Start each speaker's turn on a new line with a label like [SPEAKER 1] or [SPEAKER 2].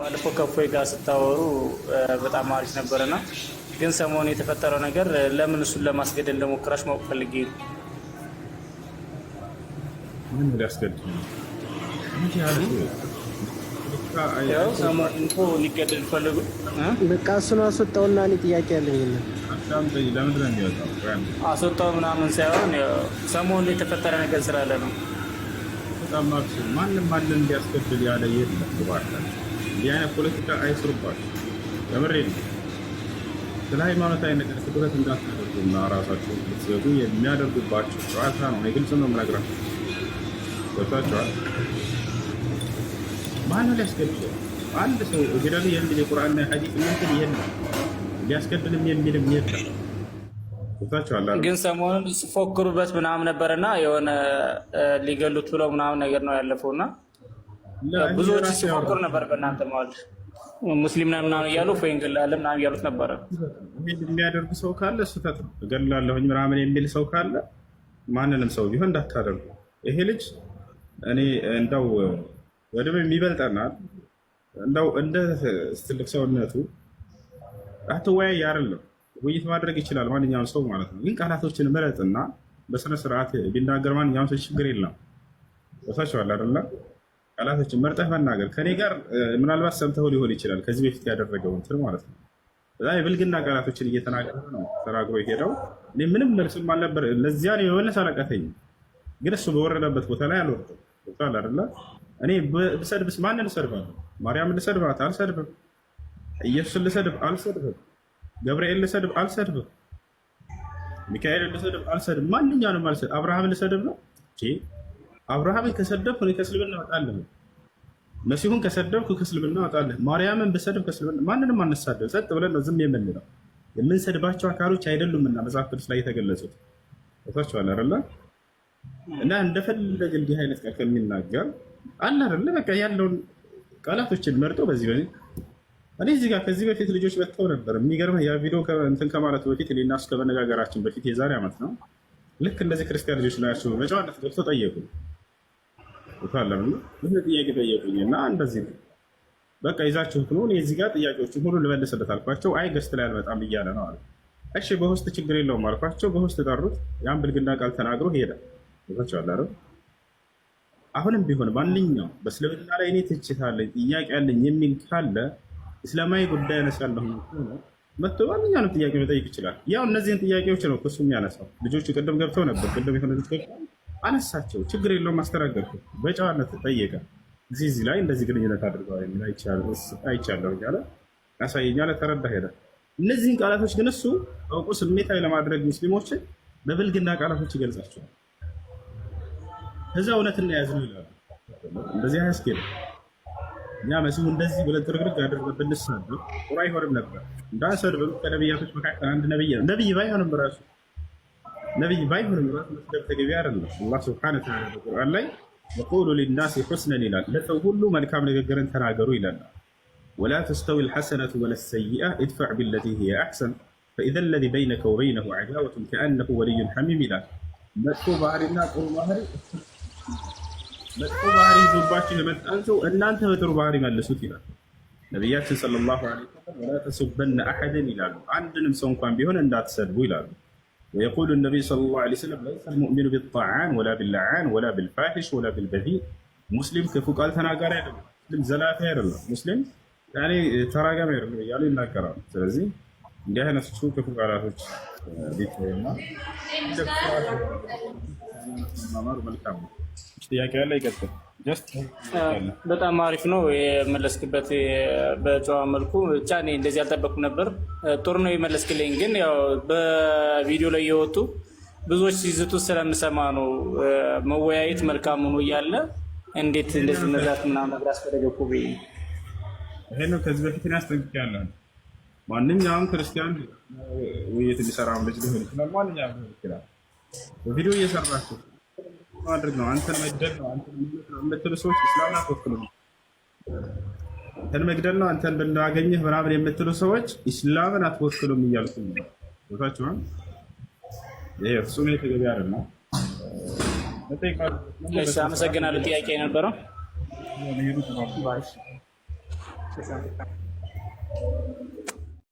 [SPEAKER 1] ባለፈው ከፎይ ጋር ስታወሩ በጣም አሪፍ ነበረና ግን ሰሞኑ የተፈጠረው ነገር ለምን እሱን ለማስገደል ለሞክራሽ ማወቅ ፈልጌ ነው።
[SPEAKER 2] ምን
[SPEAKER 3] ጥያቄ ያለኝ
[SPEAKER 1] አስወጣው ምናምን ሳይሆን ሰሞኑን የተፈጠረ ነገር ስላለ ነው።
[SPEAKER 2] ማንም አለ እንዲያስገድል ያለ የት ነው እንዲህ አይነት ፖለቲካ አይስሩባችሁ። ለምሬ ነው። ስለ ሃይማኖታዊ ነገር ትኩረት እንዳታደርጉና ራሳችሁ ልትዘጉ የሚያደርጉባችሁ ጨዋታ ነው። የግልጽ ነው የምነግራችሁ። ገብታችኋል? ነው ሊያስገድል አንድ ሰው ገደል የሚል የቁርአንና የሐዲስ ምንትን የለም። ሊያስገድልም የሚልም የለም።
[SPEAKER 1] ግን ሰሞኑን ሲፎክሩበት ምናምን ነበርና የሆነ ሊገሉት ብለው ምናምን ነገር ነው ያለፈው እና ብዙዎች ሲሞክሩ ነበር። በእናንተ መዋል ሙስሊም ና ምናምን እያሉ ወይ እንገላለን ምናምን እያሉት ነበረ።
[SPEAKER 2] የሚያደርጉ ሰው ካለ እሱ ተጥ እገላለሁኝ ምናምን የሚል ሰው ካለ ማንንም ሰው ቢሆን እንዳታደርጉ። ይሄ ልጅ እኔ እንደው ወድም የሚበልጠናል እንደው እንደ ትልቅ ሰውነቱ አትወያይ አይደለም ውይይት ማድረግ ይችላል ማንኛውም ሰው ማለት ነው። ግን ቃላቶችን ምረጥና በስነስርዓት ቢናገር ማንኛውም ሰው ችግር የለም። ቦታቸዋል አደለም ቃላቶችን መርጠህ መናገር ከኔ ጋር ምናልባት ሰምተው ሊሆን ይችላል። ከዚህ በፊት ያደረገው እንትን ማለት ነው። በጣም የብልግና ቃላቶችን እየተናገረ ነው ተናግሮ የሄደው። እኔ ምንም መልስም አልነበር፣ ለዚያ ነው የመለስ አላቀተኝም። ግን እሱ በወረደበት ቦታ ላይ አልወርድም ል አለ እኔ ብሰድብስ ማን ልሰድባለሁ? ማርያም ልሰድባት አልሰድብም። ኢየሱስን ልሰድብ አልሰድብም። ገብርኤል ልሰድብ አልሰድብም። ሚካኤል ልሰድብ አልሰድብም። ማንኛውንም አልሰድብ። አብርሃም ልሰድብ ነው አብርሃምን ከሰደብኩ እኔ ከእስልምና እወጣለሁ። መሲሁን ከሰደብኩ ከእስልምና እወጣለሁ። ማርያምን ብሰድብ ከእስልምና ማንንም አነሳደብ። ጸጥ ብለን ነው ዝም የምንለው። የምንሰድባቸው አካሎች አይደሉምና መጽሐፍ ቅዱስ ላይ የተገለጹት ታቸዋል አለ እና እንደፈለገ እንዲህ አይነት ቃል ከሚናገር አለ አለ በቃ ያለውን ቃላቶችን መርጦ በዚህ በዚህ እኔ እዚህ ጋር ከዚህ በፊት ልጆች መጥተው ነበር። የሚገርምህ ያ ቪዲዮ እንትን ከማለቱ በፊት እኔና እሱ ከመነጋገራችን በፊት የዛሬ ዓመት ነው ልክ እንደዚህ ክርስቲያን ልጆች ናቸው በጨዋነት ገብተው ጠየቁ። ታለም ብዙ ጥያቄ ጠየቁኝ እና እንደዚህ ነው በቃ ይዛችሁት ነው። እዚህ ጋር ጥያቄዎችን ሁሉ ልመልስለት አልኳቸው። አይ ገስት ላይ አልመጣም እያለ ነው አሉ። እሺ በውስጥ ችግር የለውም አልኳቸው። በውስጥ ጠሩት። ያን ብልግና ቃል ተናግሮ ሄደ። ቸዋላረ አሁንም ቢሆን ማንኛውም በእስልምና ላይ እኔ ትችት አለኝ ጥያቄ አለኝ የሚል ካለ እስላማዊ ጉዳይ ያነሳለሁ መጥቶ ማንኛውንም ጥያቄ መጠየቅ ይችላል። ያው እነዚህን ጥያቄዎች ነው እሱ የሚያነሳው። ልጆቹ ቅድም ገብተው ነበር። ቅድም የሆነ ልጅ አነሳቸው። ችግር የለውም አስተናገድኩ። በጨዋነት ጠየቀ። እዚህ እዚህ ላይ እንደዚህ ግንኙነት አድርገዋል አይቻለሁ እያለ ያሳየኝ አለ። ተረዳ ሄደ። እነዚህን ቃላቶች ግን እሱ አውቁ ስሜታዊ ለማድረግ ሙስሊሞችን በብልግና ቃላቶች ይገልጻቸዋል። ከዚያ እውነት እናያዝ ነው ይላሉ። እንደዚህ አያስኬድ እኛ መሲሁ እንደዚህ ብለን ጥርግርግ አድርገን ብንሳደብ ጥሩ አይሆንም ነበር። እንዳንሰድብም ከነብያቶች መካከል አንድ ነብይ ነብይ ባይሆንም ራሱ نبي بايفر مرات مستبتك بيار الله الله سبحانه وتعالى في القرآن يقول للناس حسنا لا الله كل من كام نقر انتنا قروا إلى الله ولا تستوي الحسنة ولا السيئة ادفع بالتي هي أحسن فإذا الذي بينك وبينه عداوة كأنه ولي حميم إلى مكتوب عري الناس قروا مهري مكتوب عري زباشي لمن أنتو أن أنت وتروا عري من لسوتنا نبيات صلى الله عليه وسلم ولا تسبن أحدا إلى الله عندنا مسون كان بيهون أن لا تسبوا إلى ويقول النبي صلى الله عليه وسلم ليس المؤمن بالطعان ولا باللعان ولا بالفاحش ولا بالبذيء مسلم كيف قال تناقر مسلم زلاف مسلم يعني تراقم يعني ناقر سلزي جاه ناس شو كيف قال هذا ديتهما نمر ملكام اشتياك الله يكتب
[SPEAKER 1] በጣም አሪፍ ነው የመለስክበት በጨዋ መልኩ ብቻ። እኔ እንደዚህ አልጠበቅኩ ነበር። ጥሩ ነው የመለስክልኝ። ግን ያው በቪዲዮ ላይ የወጡ ብዙዎች ሲዝቱ ስለምሰማ ነው መወያየት መልካም ሆኖ እያለ እንዴት እንደዚህ መዛት ምናምን ነገር አስፈለገኩ ብዬ
[SPEAKER 2] ይሄ ነው። ከዚህ በፊት ያስጠንቅቄያለሁ። ማንኛውም ክርስቲያን ውይይት ሊሰራ ልጅ ሊሆን ይችላል። ማንኛውም ሊሆን ይችላል። በቪዲዮ እየሰራቸው ማድረግ ነው። አንተን መግደል ነው የምትሉ ሰዎች እስላምን አትወክሉ። አንተን መግደል ነው አንተን ብናገኘህ ምናምን የምትሉ ሰዎች ኢስላምን አትወክሉም እያልኩ ቦታችሁን ይሄ ፍጹም የተገቢ
[SPEAKER 1] አመሰግናለሁ። ጥያቄ ነበረው።